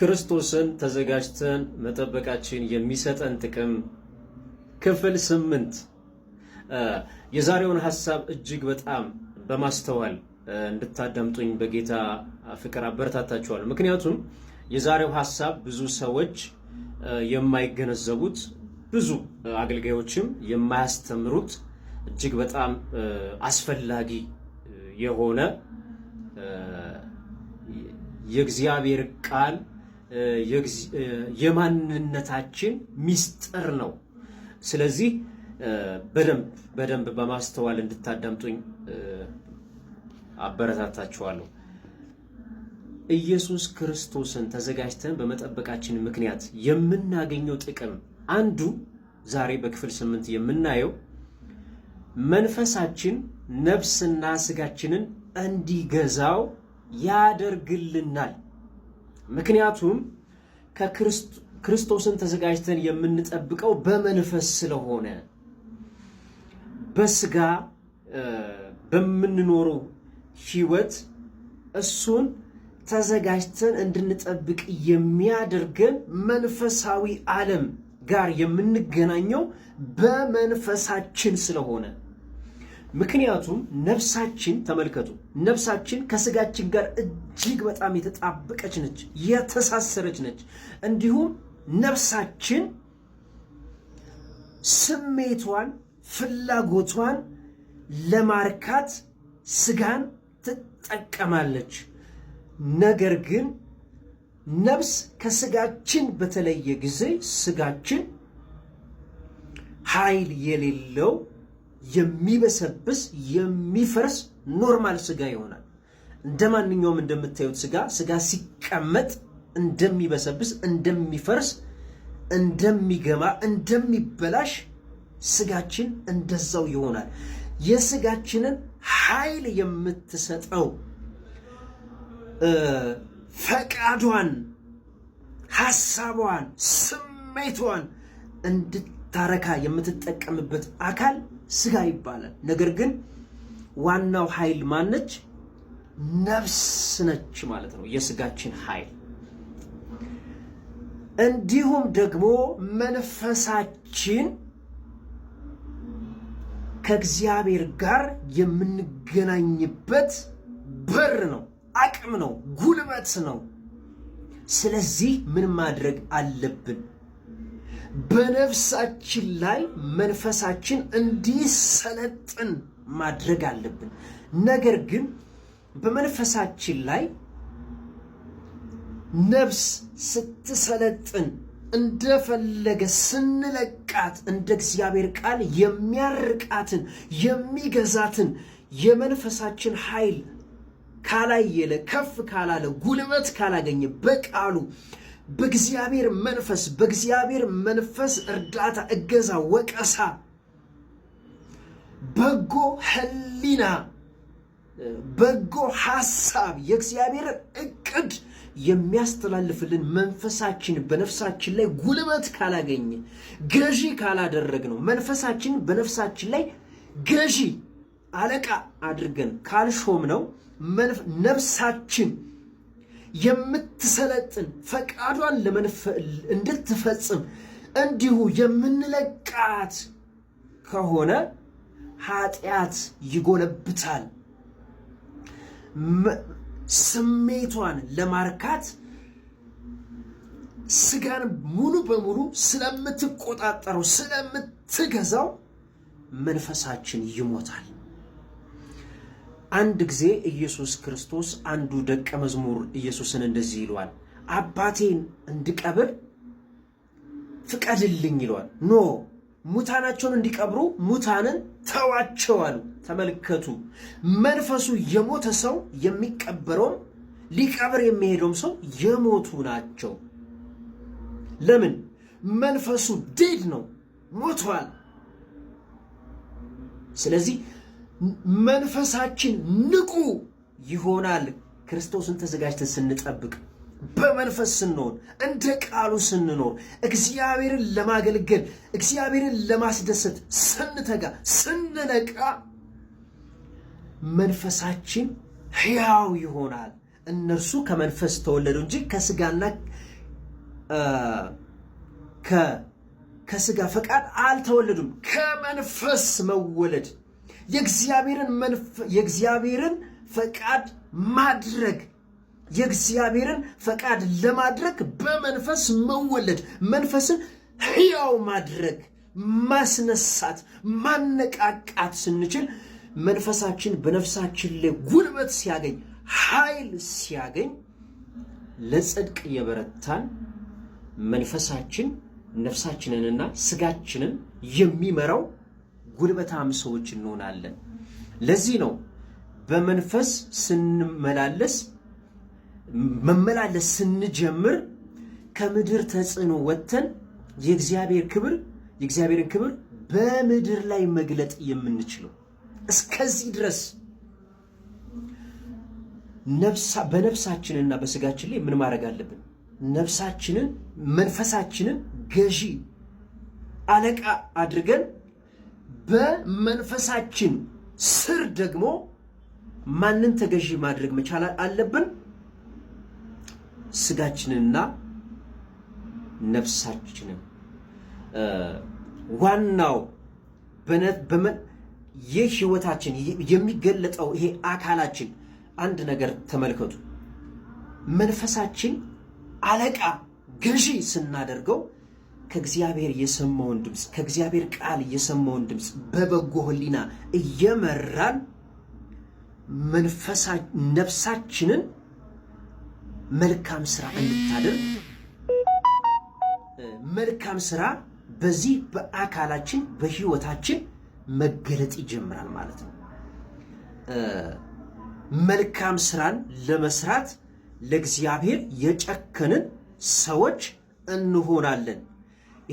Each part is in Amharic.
ክርስቶስን ተዘጋጅተን መጠበቃችን የሚሰጠን ጥቅም ክፍል ስምንት የዛሬውን ሀሳብ እጅግ በጣም በማስተዋል እንድታዳምጡኝ በጌታ ፍቅር አበረታታችኋለሁ። ምክንያቱም የዛሬው ሀሳብ ብዙ ሰዎች የማይገነዘቡት ብዙ አገልጋዮችም የማያስተምሩት እጅግ በጣም አስፈላጊ የሆነ የእግዚአብሔር ቃል የማንነታችን ሚስጥር ነው። ስለዚህ በደንብ በደንብ በማስተዋል እንድታዳምጡኝ አበረታታችኋለሁ። ኢየሱስ ክርስቶስን ተዘጋጅተን በመጠበቃችን ምክንያት የምናገኘው ጥቅም አንዱ ዛሬ በክፍል ስምንት የምናየው መንፈሳችን ነፍስና ስጋችንን እንዲገዛው ያደርግልናል። ምክንያቱም ክርስቶስን ተዘጋጅተን የምንጠብቀው በመንፈስ ስለሆነ በስጋ በምንኖረው ህይወት እሱን ተዘጋጅተን እንድንጠብቅ የሚያደርገን መንፈሳዊ ዓለም ጋር የምንገናኘው በመንፈሳችን ስለሆነ ምክንያቱም ነፍሳችን ተመልከቱ፣ ነፍሳችን ከስጋችን ጋር እጅግ በጣም የተጣበቀች ነች፣ የተሳሰረች ነች። እንዲሁም ነፍሳችን ስሜቷን፣ ፍላጎቷን ለማርካት ስጋን ትጠቀማለች። ነገር ግን ነፍስ ከስጋችን በተለየ ጊዜ ስጋችን ኃይል የሌለው የሚበሰብስ የሚፈርስ ኖርማል ስጋ ይሆናል። እንደ ማንኛውም እንደምታዩት ስጋ ስጋ ሲቀመጥ እንደሚበሰብስ፣ እንደሚፈርስ፣ እንደሚገማ፣ እንደሚበላሽ ስጋችን እንደዛው ይሆናል። የስጋችንን ኃይል የምትሰጠው ፈቃዷን፣ ሐሳቧን፣ ስሜቷን እንድታረካ የምትጠቀምበት አካል ስጋ ይባላል። ነገር ግን ዋናው ኃይል ማነች? ነፍስ ነች ማለት ነው፣ የስጋችን ኃይል። እንዲሁም ደግሞ መንፈሳችን ከእግዚአብሔር ጋር የምንገናኝበት በር ነው፣ አቅም ነው፣ ጉልበት ነው። ስለዚህ ምን ማድረግ አለብን? በነፍሳችን ላይ መንፈሳችን እንዲሰለጥን ማድረግ አለብን። ነገር ግን በመንፈሳችን ላይ ነፍስ ስትሰለጥን እንደፈለገ ስንለቃት እንደ እግዚአብሔር ቃል የሚያርቃትን የሚገዛትን የመንፈሳችን ኃይል ካላየለ ከፍ ካላለ ጉልበት ካላገኘ በቃሉ በእግዚአብሔር መንፈስ በእግዚአብሔር መንፈስ እርዳታ፣ እገዛ፣ ወቀሳ፣ በጎ ህሊና በጎ ሀሳብ የእግዚአብሔር እቅድ የሚያስተላልፍልን መንፈሳችን በነፍሳችን ላይ ጉልበት ካላገኘ ገዢ ካላደረግ ነው መንፈሳችን በነፍሳችን ላይ ገዢ አለቃ አድርገን ካልሾም ነው ነፍሳችን የምትሰለጥን ፈቃዷን እንድትፈጽም እንዲሁ የምንለቃት ከሆነ ኃጢአት ይጎለብታል። ስሜቷን ለማርካት ስጋን ሙሉ በሙሉ ስለምትቆጣጠረው ስለምትገዛው መንፈሳችን ይሞታል። አንድ ጊዜ ኢየሱስ ክርስቶስ አንዱ ደቀ መዝሙር ኢየሱስን እንደዚህ ይሏል አባቴን እንድቀብር ፍቀድልኝ ይሏል። ኖ ሙታናቸውን እንዲቀብሩ ሙታንን ተዋቸዋሉ ተመልከቱ፣ መንፈሱ የሞተ ሰው የሚቀበረውም ሊቀብር የሚሄደውም ሰው የሞቱ ናቸው። ለምን? መንፈሱ ዴድ ነው፣ ሞቷል። ስለዚህ መንፈሳችን ንቁ ይሆናል። ክርስቶስን ተዘጋጅተን ስንጠብቅ በመንፈስ ስንሆን እንደ ቃሉ ስንኖር እግዚአብሔርን ለማገልገል እግዚአብሔርን ለማስደሰት ስንተጋ ስንነቃ መንፈሳችን ሕያው ይሆናል። እነርሱ ከመንፈስ ተወለዱ እንጂ ከስጋና ከስጋ ፈቃድ አልተወለዱም። ከመንፈስ መወለድ የእግዚአብሔርን መንፈ የእግዚአብሔርን ፈቃድ ማድረግ የእግዚአብሔርን ፈቃድ ለማድረግ በመንፈስ መወለድ መንፈስን ሕያው ማድረግ ማስነሳት ማነቃቃት ስንችል መንፈሳችን በነፍሳችን ላይ ጉልበት ሲያገኝ ኃይል ሲያገኝ ለጽድቅ የበረታን መንፈሳችን ነፍሳችንንና ስጋችንን የሚመራው ጉልበታም ሰዎች እንሆናለን። ለዚህ ነው በመንፈስ ስንመላለስ መመላለስ ስንጀምር ከምድር ተጽዕኖ ወጥተን የእግዚአብሔር ክብር የእግዚአብሔርን ክብር በምድር ላይ መግለጥ የምንችለው እስከዚህ ድረስ በነፍሳችንና በስጋችን ላይ ምን ማድረግ አለብን? ነፍሳችንን መንፈሳችንን ገዢ አለቃ አድርገን በመንፈሳችን ስር ደግሞ ማንን ተገዢ ማድረግ መቻል አለብን? ስጋችንንና ነፍሳችንን። ዋናው የህይወታችን የሚገለጠው ይሄ አካላችን አንድ ነገር ተመልከቱ። መንፈሳችን አለቃ ገዢ ስናደርገው ከእግዚአብሔር የሰማውን ድምፅ ከእግዚአብሔር ቃል የሰማውን ድምፅ በበጎ ህሊና እየመራን መንፈሳ ነፍሳችንን መልካም ስራ እንታደርግ። መልካም ስራ በዚህ በአካላችን በህይወታችን መገለጥ ይጀምራል ማለት ነው። መልካም ስራን ለመስራት ለእግዚአብሔር የጨከንን ሰዎች እንሆናለን።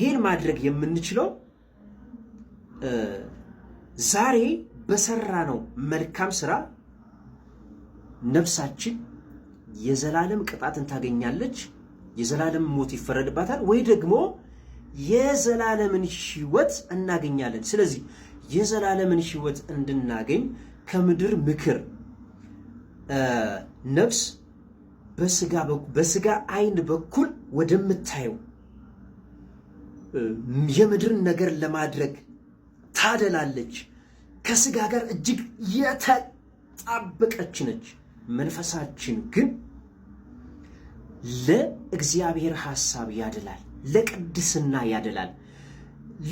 ይሄን ማድረግ የምንችለው ዛሬ በሰራ ነው መልካም ስራ ነፍሳችን የዘላለም ቅጣትን ታገኛለች፣ የዘላለም ሞት ይፈረድባታል፣ ወይ ደግሞ የዘላለምን ሕይወት እናገኛለን። ስለዚህ የዘላለምን ሕይወት እንድናገኝ ከምድር ምክር ነፍስ በስጋ በስጋ አይን በኩል ወደምታየው የምድርን ነገር ለማድረግ ታደላለች። ከስጋ ጋር እጅግ የተጣበቀች ነች። መንፈሳችን ግን ለእግዚአብሔር ሐሳብ ያደላል፣ ለቅድስና ያደላል፣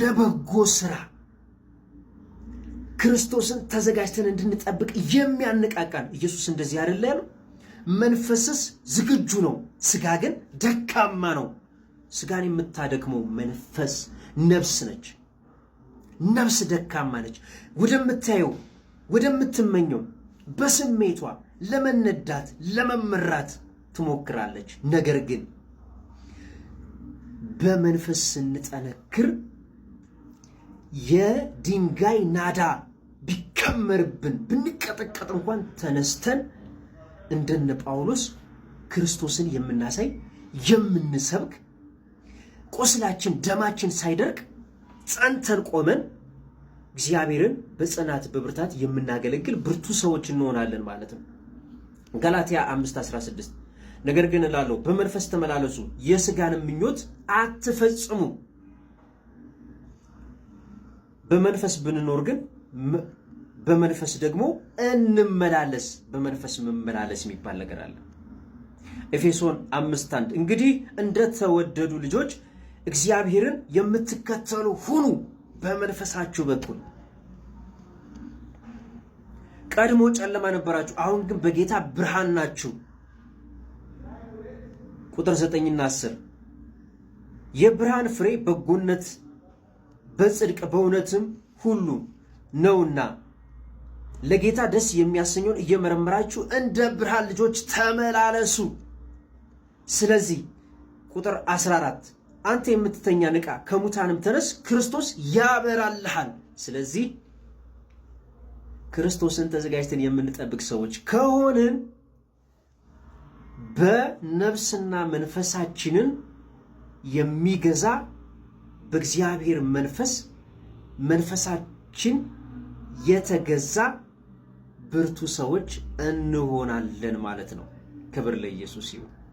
ለበጎ ስራ ክርስቶስን ተዘጋጅተን እንድንጠብቅ የሚያነቃቃን። ኢየሱስ እንደዚህ አይደለ ያለው? መንፈስስ ዝግጁ ነው፣ ስጋ ግን ደካማ ነው። ስጋን የምታደክመው መንፈስ ነፍስ ነች። ነፍስ ደካማ ነች። ወደምታየው ወደምትመኘው በስሜቷ ለመነዳት ለመመራት ትሞክራለች። ነገር ግን በመንፈስ ስንጠነክር የድንጋይ ናዳ ቢከመርብን ብንቀጠቀጥ እንኳን ተነስተን እንደነ ጳውሎስ ክርስቶስን የምናሳይ የምንሰብክ ቁስላችን ደማችን ሳይደርቅ ጸንተን ቆመን እግዚአብሔርን በጽናት በብርታት የምናገለግል ብርቱ ሰዎች እንሆናለን ማለት ነው። ገላትያ 5:16 ነገር ግን እላለሁ በመንፈስ ተመላለሱ፣ የስጋን ምኞት አትፈጽሙ። በመንፈስ ብንኖር ግን በመንፈስ ደግሞ እንመላለስ። በመንፈስ መመላለስ የሚባል ነገር አለ። ኤፌሶን 5:1 እንግዲህ እንደተወደዱ ልጆች እግዚአብሔርን የምትከተሉ ሁኑ በመንፈሳችሁ በኩል ቀድሞ ጨለማ ነበራችሁ፣ አሁን ግን በጌታ ብርሃን ናችሁ። ቁጥር ዘጠኝና አስር የብርሃን ፍሬ በጎነት፣ በጽድቅ፣ በእውነትም ሁሉ ነውና ለጌታ ደስ የሚያሰኘውን እየመረመራችሁ እንደ ብርሃን ልጆች ተመላለሱ። ስለዚህ ቁጥር 14 አንተ የምትተኛ ንቃ፣ ከሙታንም ተነስ፣ ክርስቶስ ያበራልሃል። ስለዚህ ክርስቶስን ተዘጋጅተን የምንጠብቅ ሰዎች ከሆንን በነፍስና መንፈሳችንን የሚገዛ በእግዚአብሔር መንፈስ መንፈሳችን የተገዛ ብርቱ ሰዎች እንሆናለን ማለት ነው። ክብር ለኢየሱስ ይሁን።